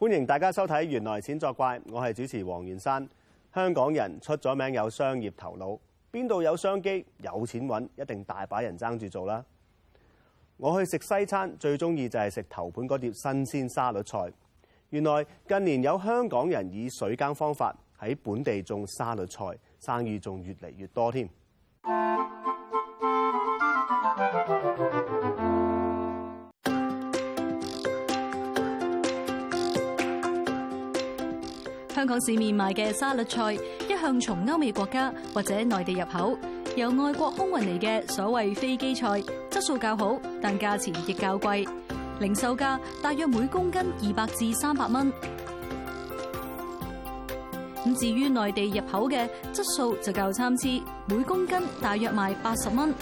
歡迎大家收睇《原來錢作怪》，我係主持黃元山。香港人出咗名有商業頭腦，邊度有商機有錢揾，一定大把人爭住做啦。我去食西餐最中意就係食頭盤嗰碟新鮮沙律菜。原來近年有香港人以水耕方法喺本地種沙律菜，生意仲越嚟越多添。香港市面賣嘅沙律菜一向從歐美國家或者內地入口，由外國空運嚟嘅所謂飛機菜，質素較好，但價錢亦較貴，零售價大約每公斤二百至三百蚊。咁至於內地入口嘅質素就較參差，每公斤大約賣八十蚊。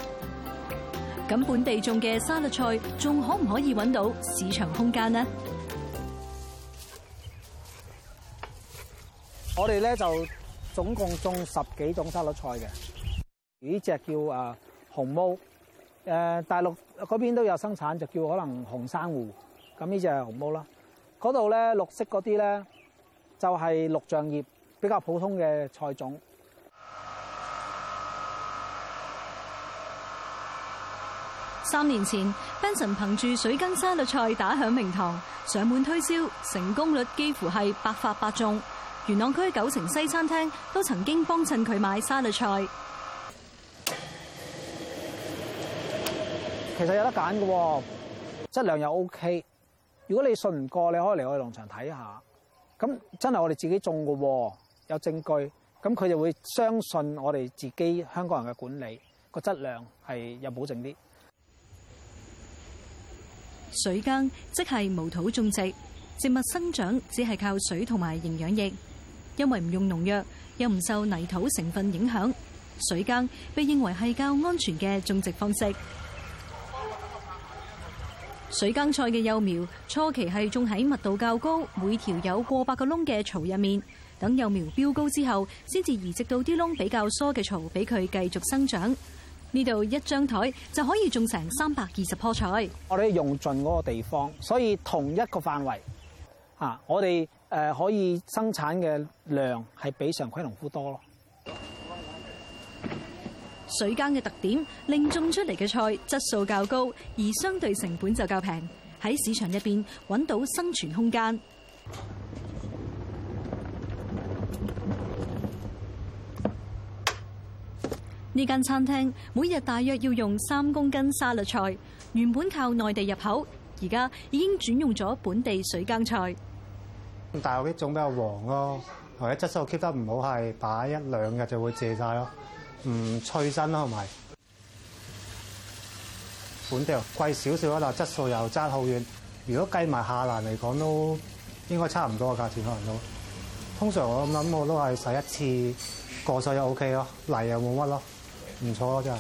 咁本地種嘅沙律菜仲可唔可以搵到市場空間呢？我哋咧就總共種十幾種沙律菜嘅，呢隻叫誒紅毛誒大陸嗰邊都有生產，就叫可能紅珊瑚。咁呢隻係紅毛啦。嗰度咧綠色嗰啲咧就係綠橡葉，比較普通嘅菜種。三年前，Benson 憑住水耕沙律菜打響名堂，上門推銷，成功率幾乎係百發百中。元朗區九成西餐廳都曾經幫襯佢買沙律菜，其實有得揀㗎喎，質量又 OK。如果你信唔過，你可以嚟我哋農場睇下。咁真係我哋自己種嘅喎，有證據。咁佢就會相信我哋自己香港人嘅管理，個質量係有保證啲。水耕即係無土種植，植物生長只係靠水同埋營養液。因為唔用農藥，又唔受泥土成分影響，水耕被認為係較安全嘅種植方式。水耕菜嘅幼苗初期係種喺密度較高、每條有過百個窿嘅槽入面，等幼苗飆高之後，先至移植到啲窿比較疏嘅槽，俾佢繼續生長。呢度一張台就可以種成三百二十棵菜。我哋用盡嗰個地方，所以同一個範圍，啊，我哋。誒可以生產嘅量係比常規農夫多咯。水耕嘅特點令種出嚟嘅菜質素較高，而相對成本就較平，喺市場入邊揾到生存空間。呢間餐廳每日大約要用三公斤沙律菜，原本靠內地入口，而家已經轉用咗本地水耕菜。大陸啲種比較黃咯，或者質素 keep 得唔好，係擺一兩日就會借晒咯，唔脆身咯，係咪？本地貴少少啦，質素又爭好遠。如果計埋下欄嚟講，都應該差唔多個價錢可能都。通常我諗我都係洗一次，過水就 OK 咯，泥又冇乜咯，唔錯咯真係。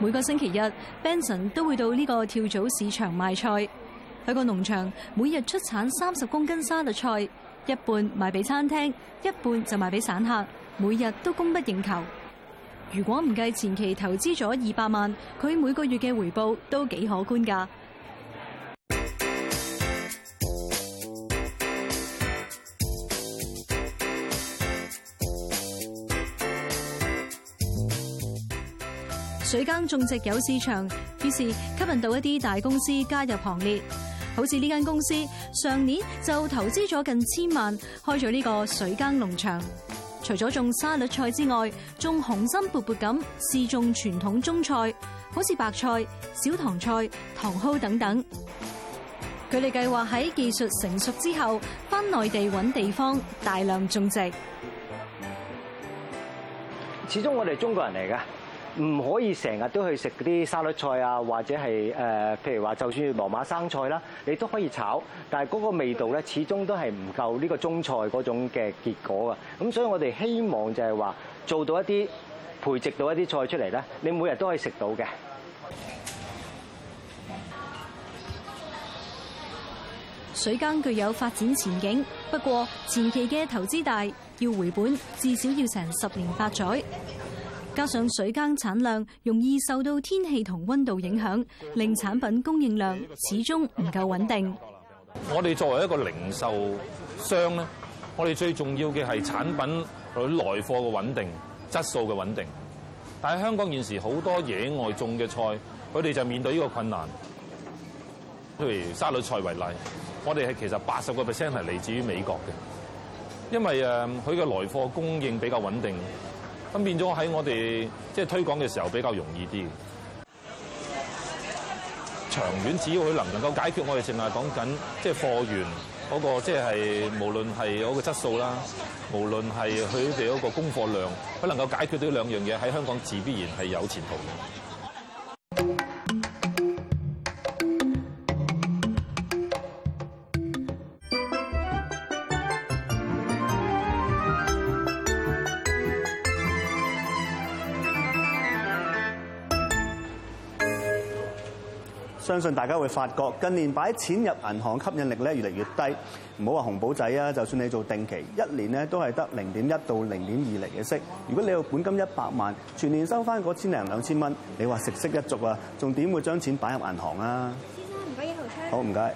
每個星期日，Benson 都會到呢個跳蚤市場賣菜。喺個農場，每日出產三十公斤沙律菜，一半賣俾餐廳，一半就賣俾散客，每日都供不應求。如果唔計前期投資咗二百萬，佢每個月嘅回報都幾可觀㗎。水耕種植有市場，於是吸引到一啲大公司加入行列。好似呢間公司上年就投資咗近千萬，開咗呢個水耕農場。除咗種沙律菜之外，仲雄心勃勃咁試種傳統中菜，好似白菜、小棠菜、茼蒿等等。佢哋計劃喺技術成熟之後，返內地揾地方大量種植。始終我哋中國人嚟噶。唔可以成日都去食啲沙律菜啊，或者係誒、呃、譬如話就算羅馬生菜啦，你都可以炒，但係嗰個味道咧，始終都係唔夠呢個中菜嗰種嘅結果啊。咁所以我哋希望就係話做到一啲培植到一啲菜出嚟咧，你每日都可以食到嘅。水耕具有發展前景，不過前期嘅投資大，要回本至少要成十年八載。加上水耕產量容易受到天氣同溫度影響，令產品供應量始終唔夠穩定。我哋作為一個零售商咧，我哋最重要嘅係產品佢來貨嘅穩定、質素嘅穩定。但係香港現時好多野外種嘅菜，佢哋就面對呢個困難，譬如沙律菜為例，我哋係其實八十個 percent 係嚟自於美國嘅，因為誒，佢嘅來貨供應比較穩定。咁變咗喺我哋即係推廣嘅時候比較容易啲。長遠，只要佢能唔能夠解決我哋淨係講緊即係貨源嗰個即係無論係嗰個質素啦，無論係佢哋嗰個供貨量，佢能夠解決到兩樣嘢，喺香港自必然係有前途嘅。相信大家會發覺，近年擺錢入銀行吸引力咧越嚟越低。唔好話紅寶仔啊，就算你做定期，一年咧都係得零點一到零點二厘嘅息。如果你有本金一百萬，全年收翻嗰千零兩千蚊，你話食息一族啊，仲點會將錢擺入銀行啊？先生唔該，好唔該。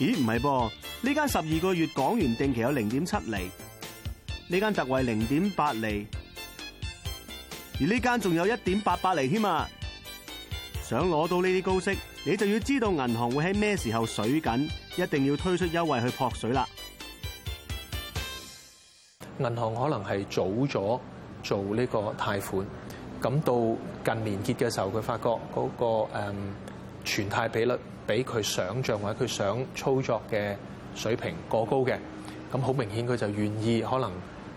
咦？唔係噃？呢間十二個月港元定期有零點七厘，呢間特惠零點八厘。而呢間仲有一點八八厘添啊！想攞到呢啲高息，你就要知道銀行會喺咩時候水緊，一定要推出優惠去撲水啦。銀行可能係早咗做呢個貸款，咁到近年結嘅時候，佢發覺嗰個存貸比率比佢想像或者佢想操作嘅水平過高嘅，咁好明顯佢就願意可能，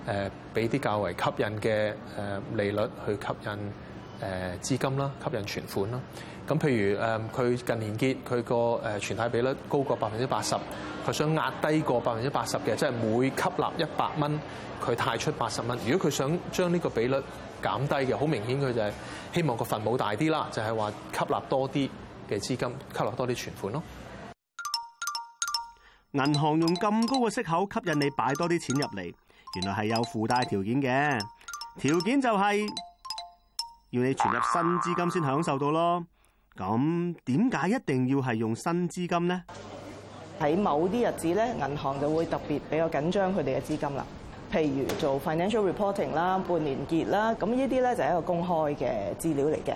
誒，俾啲較為吸引嘅誒利率去吸引誒資金啦，吸引存款啦。咁譬如誒，佢近年結佢個誒存貸比率高過百分之八十，佢想壓低過百分之八十嘅，即係每吸納一百蚊，佢貸出八十蚊。如果佢想將呢個比率減低嘅，好明顯佢就係希望個份母大啲啦，就係話吸納多啲嘅資金，吸納多啲存款咯。銀行用咁高嘅息口吸引你擺多啲錢入嚟。原來係有附帶條件嘅，條件就係要你存入新資金先享受到咯。咁點解一定要係用新資金呢？喺某啲日子咧，銀行就會特別比較緊張佢哋嘅資金啦。譬如做 financial reporting 啦、半年結啦，咁呢啲咧就係一個公開嘅資料嚟嘅。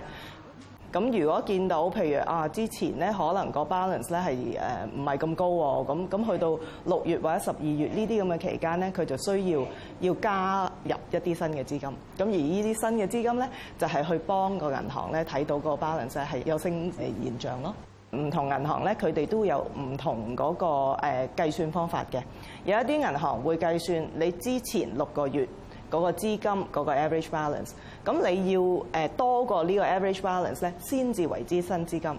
咁如果見到譬如，啊之前咧，可能個 balance 咧係唔係咁高喎，咁，咁去到六月或者十二月呢啲咁嘅期間咧，佢就需要要加入一啲新嘅資金。咁而呢啲新嘅資金咧，就係去幫個銀行咧睇到個 balance 係有升嘅現象咯。唔同銀行咧，佢哋都有唔同嗰個、呃、計算方法嘅。有一啲銀行會計算你之前六個月。嗰、那個資金，嗰、那個 average balance，咁你要誒多過呢個 average balance 咧，先至為之新資金。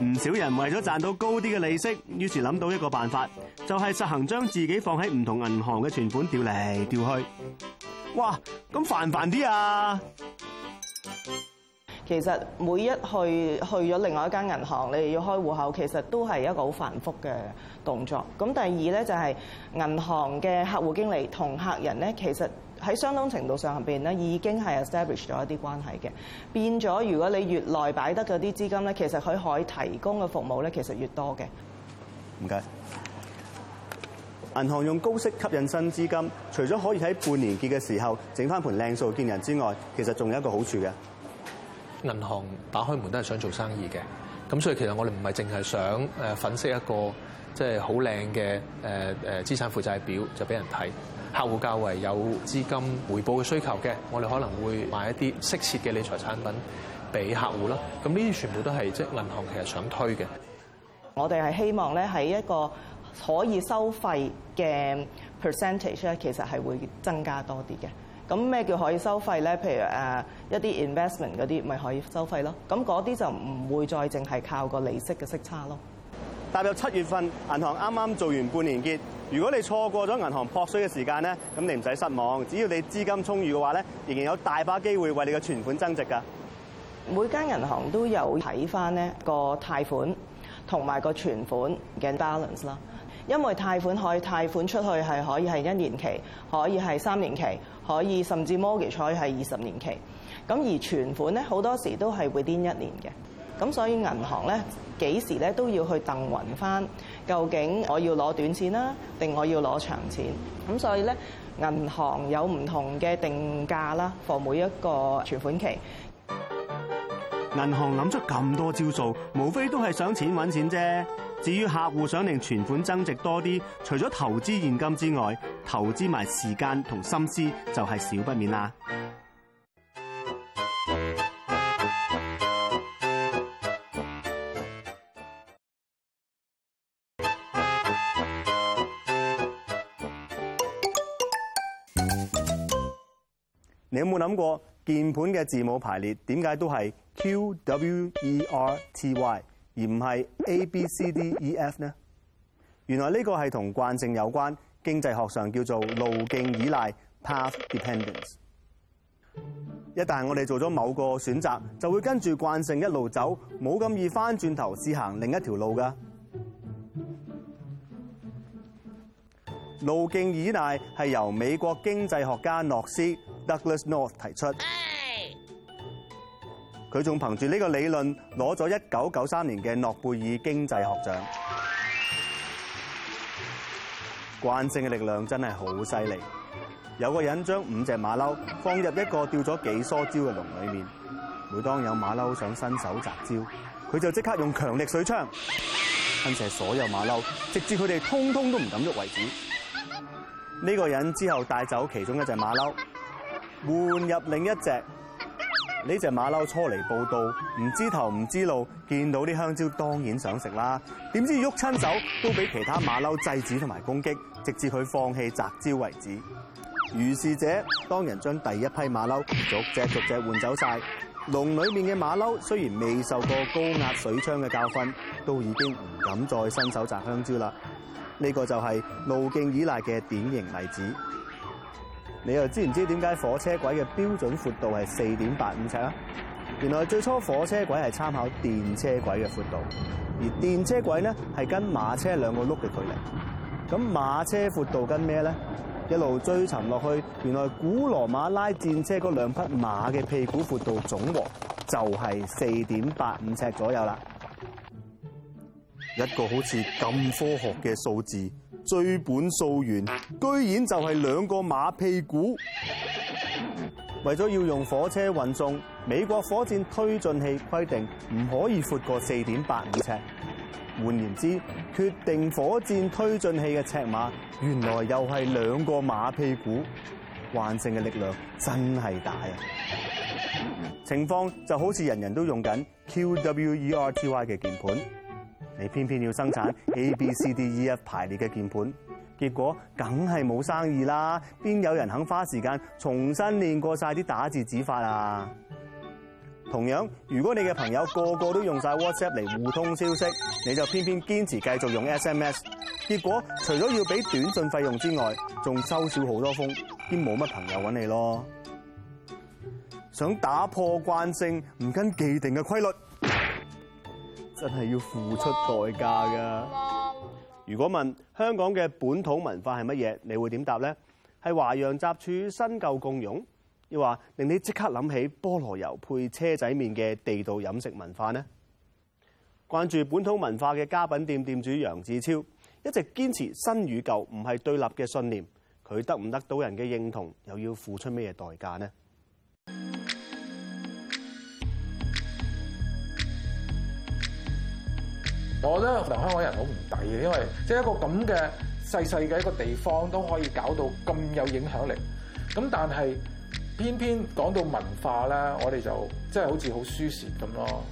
唔少人為咗賺到高啲嘅利息，於是諗到一個辦法，就係、是、實行將自己放喺唔同銀行嘅存款調嚟調去。哇，咁煩唔煩啲啊？其實每一去去咗另外一間銀行，你哋要開戶口，其實都係一個好繁複嘅動作。咁第二呢、就係，就係銀行嘅客戶經理同客人呢，其實喺相當程度上邊呢，已經係 establish 咗一啲關係嘅。變咗，如果你越來擺得嗰啲資金呢，其實佢可以提供嘅服務呢，其實越多嘅。唔該。銀行用高息吸引新資金，除咗可以喺半年結嘅時候整翻盤靚數見人之外，其實仲有一個好處嘅。銀行打開門都係想做生意嘅，咁所以其實我哋唔係淨係想誒粉飾一個即係好靚嘅誒誒資產負債表就俾人睇。客戶較為有資金回報嘅需求嘅，我哋可能會買一啲適切嘅理財產品俾客戶咯。咁呢啲全部都係即係銀行其實想推嘅。我哋係希望咧喺一個可以收費嘅 percentage 咧，其實係會增加多啲嘅。咁咩叫可以收費咧？譬如誒、啊、一啲 investment 嗰啲，咪可以收費咯。咁嗰啲就唔會再淨係靠個利息嘅息差咯。踏入七月份，銀行啱啱做完半年結，如果你錯過咗銀行撲水嘅時間咧，咁你唔使失望。只要你資金充裕嘅話咧，仍然有大把機會為你嘅存款增值㗎。每間銀行都有睇翻咧個貸款同埋個存款嘅 balance 啦。因為貸款可以貸款出去係可以係一年期，可以係三年期，可以甚至 mortgage 係二十年期。咁而存款咧好多時都係會跌一年嘅。咁所以銀行咧幾時咧都要去鄧云翻，究竟我要攞短錢啦，定我要攞長錢？咁所以咧銀行有唔同嘅定價啦 for 每一個存款期。銀行諗出咁多招數，無非都係想錢揾錢啫。至於客戶想令存款增值多啲，除咗投資現金之外，投資埋時間同心思就係少不免啦。你有冇諗過鍵盤嘅字母排列點解都係 Q W E R T Y？而唔係 A B C D E F 呢？原來呢個係同慣性有關，經濟學上叫做路徑依賴 （path dependence）。一旦我哋做咗某個選擇，就會跟住慣性一路走，冇咁易翻轉頭試行另一條路㗎。路徑依賴係由美國經濟學家諾斯 （Douglas North） 提出。哎佢仲憑住呢個理論攞咗一九九三年嘅諾貝爾經濟學獎。慣性嘅力量真係好犀利。有個人將五隻馬騮放入一個吊咗幾梳蕉嘅籠裏面，每當有馬騮想伸手摘蕉，佢就即刻用強力水槍噴射所有馬騮，直至佢哋通通都唔敢喐為止。呢個人之後帶走其中一隻馬騮，換入另一隻。呢隻馬騮初嚟報到，唔知頭唔知路，見到啲香蕉當然想食啦。點知喐親手都俾其他馬騮制止同埋攻擊，直至佢放棄摘蕉為止。如是者，當人將第一批馬騮逐隻逐隻換走晒，籠裏面嘅馬騮雖然未受過高壓水槍嘅教訓，都已經唔敢再伸手摘香蕉啦。呢個就係路徑依賴嘅典型例子。你又知唔知點解火車軌嘅標準闊度係四點八五尺啊？原來最初火車軌係參考電車軌嘅闊度，而電車軌呢，係跟馬車兩個轆嘅距離。咁馬車闊度跟咩呢？一路追尋落去，原來古羅馬拉戰車嗰兩匹馬嘅屁股闊度總和就係四點八五尺左右啦。一個好似咁科學嘅數字。追本溯源，居然就係兩個馬屁股， 為咗要用火車運送，美國火箭推進器規定唔可以闊過四點八五尺。換言之，決定火箭推進器嘅尺碼，原來又係兩個馬屁股。慣性嘅力量真係大啊！情況就好似人人都用緊 Q W E R T Y 嘅鍵盤。你偏偏要生產 A B C D E F 排列嘅鍵盤，結果梗係冇生意啦！邊有人肯花時間重新練過晒啲打字指法啊？同樣，如果你嘅朋友個個個都用晒 WhatsApp 嚟互通消息，你就偏偏堅持繼續用 SMS，結果除咗要俾短信費用之外，仲收少好多封，兼冇乜朋友揾你咯。想打破慣性，唔跟既定嘅規律。真係要付出代價噶！如果問香港嘅本土文化係乜嘢，你會點答呢？係華洋雜處、新舊共融，抑或令你即刻諗起菠蘿油配車仔麵嘅地道飲食文化呢？關注本土文化嘅家品店店主楊志超，一直堅持新與舊唔係對立嘅信念。佢得唔得到人嘅認同，又要付出咩嘢代價呢？我覺得能香港人好唔抵嘅，因為即係一個咁嘅細細嘅一個地方都可以搞到咁有影響力。咁但係偏偏講到文化咧，我哋就即係好似好輸蝕咁咯。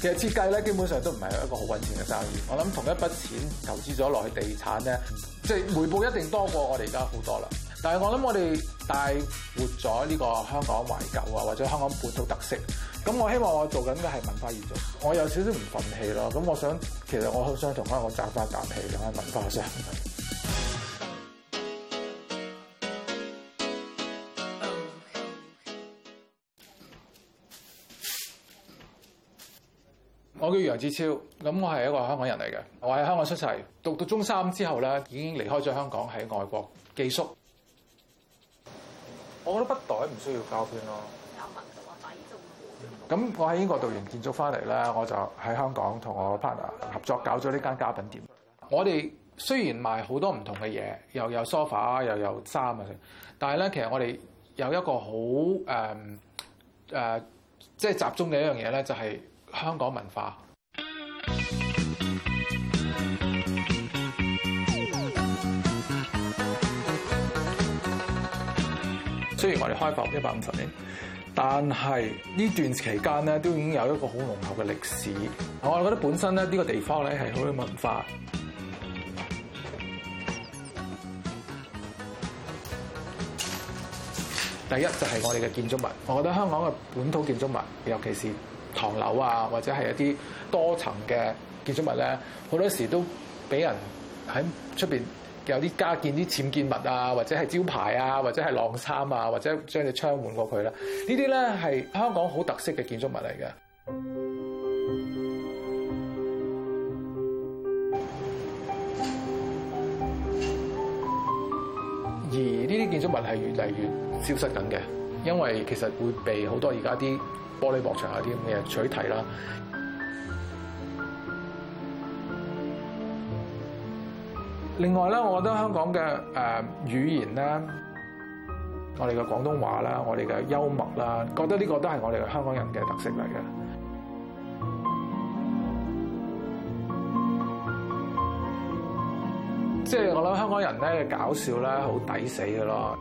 其實設計咧，基本上都唔係一個好揾錢嘅生意。我諗同一筆錢投資咗落去地產咧，即係回報一定多過我哋而家好多啦。但係我諗我哋帶活咗呢個香港懷舊啊，或者香港本土特色。咁我希望我做緊嘅係文化業績，我有少少唔憤氣咯。咁我想，其實我好想同翻我摘花減氣嘅文化上。我叫楊志超，咁我係一個香港人嚟嘅，我喺香港出世，讀到中三之後咧，已經離開咗香港喺外國寄宿。我覺得筆袋唔需要教訓咯。咁我喺英國讀完建築翻嚟咧，我就喺香港同我 partner 合作搞咗呢間家品店。我哋雖然賣好多唔同嘅嘢，又有 sofa，又有衫啊，但係咧，其實我哋有一個好誒誒，即、呃、係、呃就係、集中嘅一樣嘢咧，就係、係、香港文化。雖然我哋開放一百五十年。但係呢段期間咧，都已經有一個好濃厚嘅歷史。我覺得本身咧呢、呢個地方咧係好有文化。第一就係我哋嘅建築物，我覺得香港嘅本土建築物，尤其是唐樓啊，或者係一啲多層嘅建築物咧，好多時都俾人喺出面。有啲加建啲僭建物啊，或者係招牌啊，或者係晾衫啊，或者將隻窗換過佢啦。呢啲咧係香港好特色嘅建築物嚟㗎。而呢啲建築物係越嚟越消失緊嘅，因為其實會被好多而家啲玻璃幕牆啊啲咁嘅取替啦。另外咧，我覺得香港嘅誒語言啦、我哋嘅廣東話啦，我哋嘅幽默啦，覺得呢個都係我哋香港人嘅特色嚟嘅。即係、 就是、我諗香港人咧，搞笑啦，好抵死嘅咯。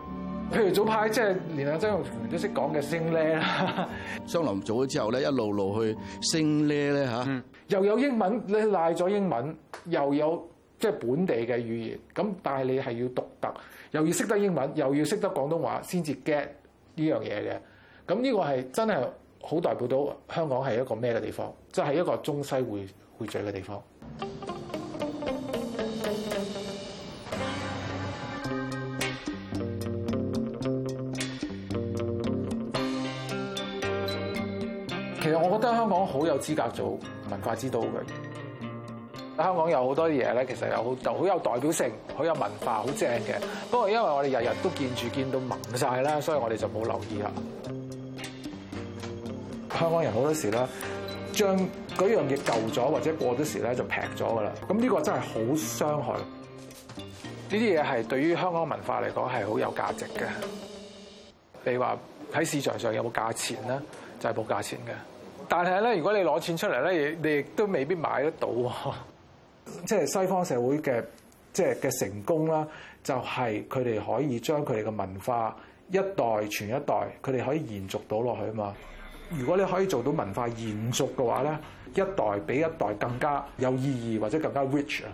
譬如早排，即係連阿曾玉全都識講嘅升呢啦。聲叻 林做咗之後咧，一路路去升呢咧嚇、嗯。又有英文，你賴咗英文，又有。即係本地嘅語言，咁但係你係要獨特，又要識得英文，又要識得廣東話，先至 get 呢樣嘢嘅。咁呢個係真係好代表到香港係一個咩嘅地方？即係一個中西匯匯聚嘅地方 。其實我覺得香港好有資格做文化之都嘅。香港有好多嘢咧，其實有好就好有代表性，好有文化，好正嘅。不過，因為我哋日日都見住見到聞晒啦，所以我哋就冇留意啦。香港人好多時咧，將嗰樣嘢舊咗或者過咗時咧就劈咗噶啦。咁呢個真係好傷害呢啲嘢，係對於香港文化嚟講係好有價值嘅。你話喺市場上有冇價錢咧，就係冇價錢嘅。但係咧，如果你攞錢出嚟咧，你亦都未必買得到。即係西方社會嘅，即係嘅成功啦，就係佢哋可以將佢哋嘅文化一代傳一代，佢哋可以延續到落去啊嘛。如果你可以做到文化延續嘅話咧，一代比一代更加有意義或者更加 rich 啊。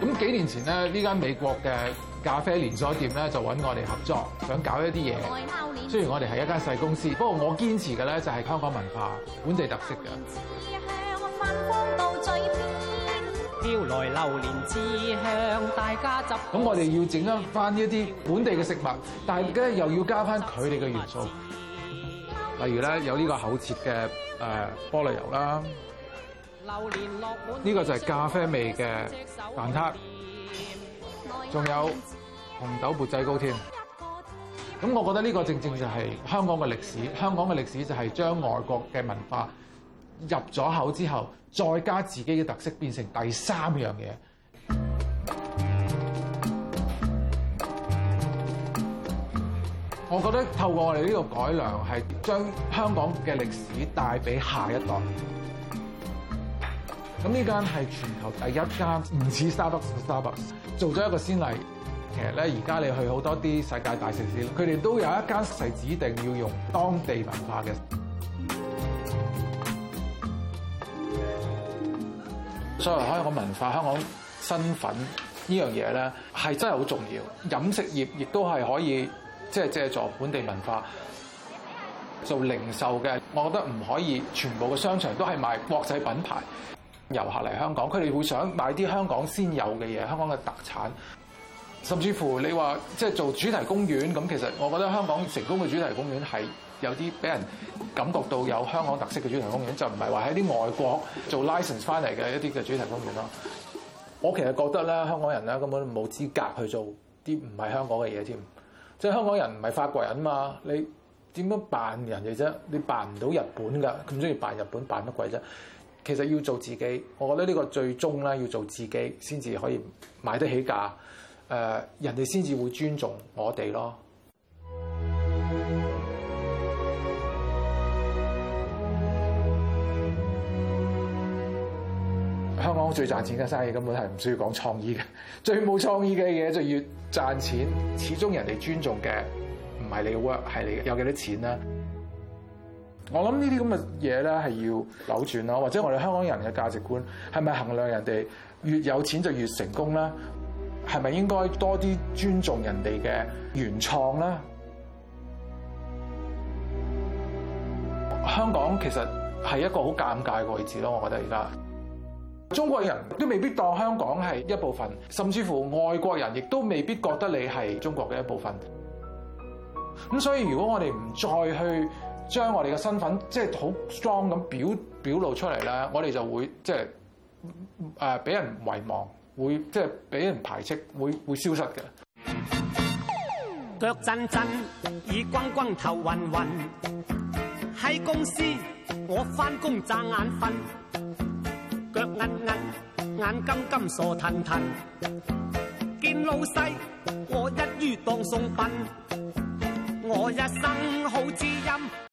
咁幾年前咧，呢間美國嘅咖啡連鎖店咧就揾我哋合作，想搞一啲嘢。雖然我哋係一間細公司，不過我堅持嘅咧就係香港文化、本地特色㗎。咁我哋要整返翻呢一啲本地嘅食物，但係咧又要加翻佢哋嘅元素， 例如咧有呢個厚切嘅誒菠蘿油啦，榴蓮落滿呢個就係咖啡味嘅蛋撻，仲有，紅豆缽仔糕添，咁我覺得呢個正正就係香港嘅歷史。香港嘅歷史就係將外國嘅文化入咗口之後，再加自己嘅特色，變成第三樣嘢。 我覺得透過我哋呢個改良，係將香港嘅歷史帶俾下一代。咁呢間係全球第一間唔似 Starbucks 嘅 Starbucks，做咗一個先例。其實咧，而家你去好多啲世界大城市，佢哋都有一間係指定要用當地文化嘅。所謂香港文化、香港身份這件事呢樣嘢咧，係真係好重要。飲食業亦都係可以即係借助本地文化做零售嘅。我覺得唔可以全部嘅商場都係賣國際品牌。遊客嚟香港，佢哋會想買啲香港先有嘅嘢，香港嘅特產。甚至乎你話即係做主題公園咁，其實我覺得香港成功嘅主題公園係有啲俾人感覺到有香港特色嘅主題公園，就唔係話喺啲外國做 license 翻嚟嘅一啲嘅主題公園咯。我其實覺得咧，香港人咧根本冇資格去做啲唔係香港嘅嘢添。即係香港人唔係法國人啊嘛，你點樣扮人哋啫？你扮唔到日本㗎，咁中意扮日本，扮乜鬼啫？其實要做自己，我覺得呢個最終咧要做自己先至可以買得起價。誒人哋先至會尊重我哋咯。香港最賺錢嘅生意根本係唔需要講創意嘅，最冇創意嘅嘢就越賺錢。始終人哋尊重嘅唔係你嘅 work 係你有幾多錢啦。我諗呢啲咁嘅嘢咧係要扭轉咯，或者我哋香港人嘅價值觀係咪衡量人哋越有錢就越成功咧？係咪應該多啲尊重人哋嘅原創咧？香港其實係一個好尷尬嘅位置咯，我覺得而家中國人都未必當香港係一部分，甚至乎外國人亦都未必覺得你係中國嘅一部分。咁所以如果我哋唔再去將我哋嘅身份即係好 strong 咁表表露出嚟咧，我哋就會即係誒俾人遺忘。會即係俾人排斥，會會消失嘅。腳震震，耳轟轟，頭暈暈，頭暈暈。喺公司我返工掙眼瞓，腳硬硬，眼金金，傻騰騰。見老細我一於當送份，我一生好知音。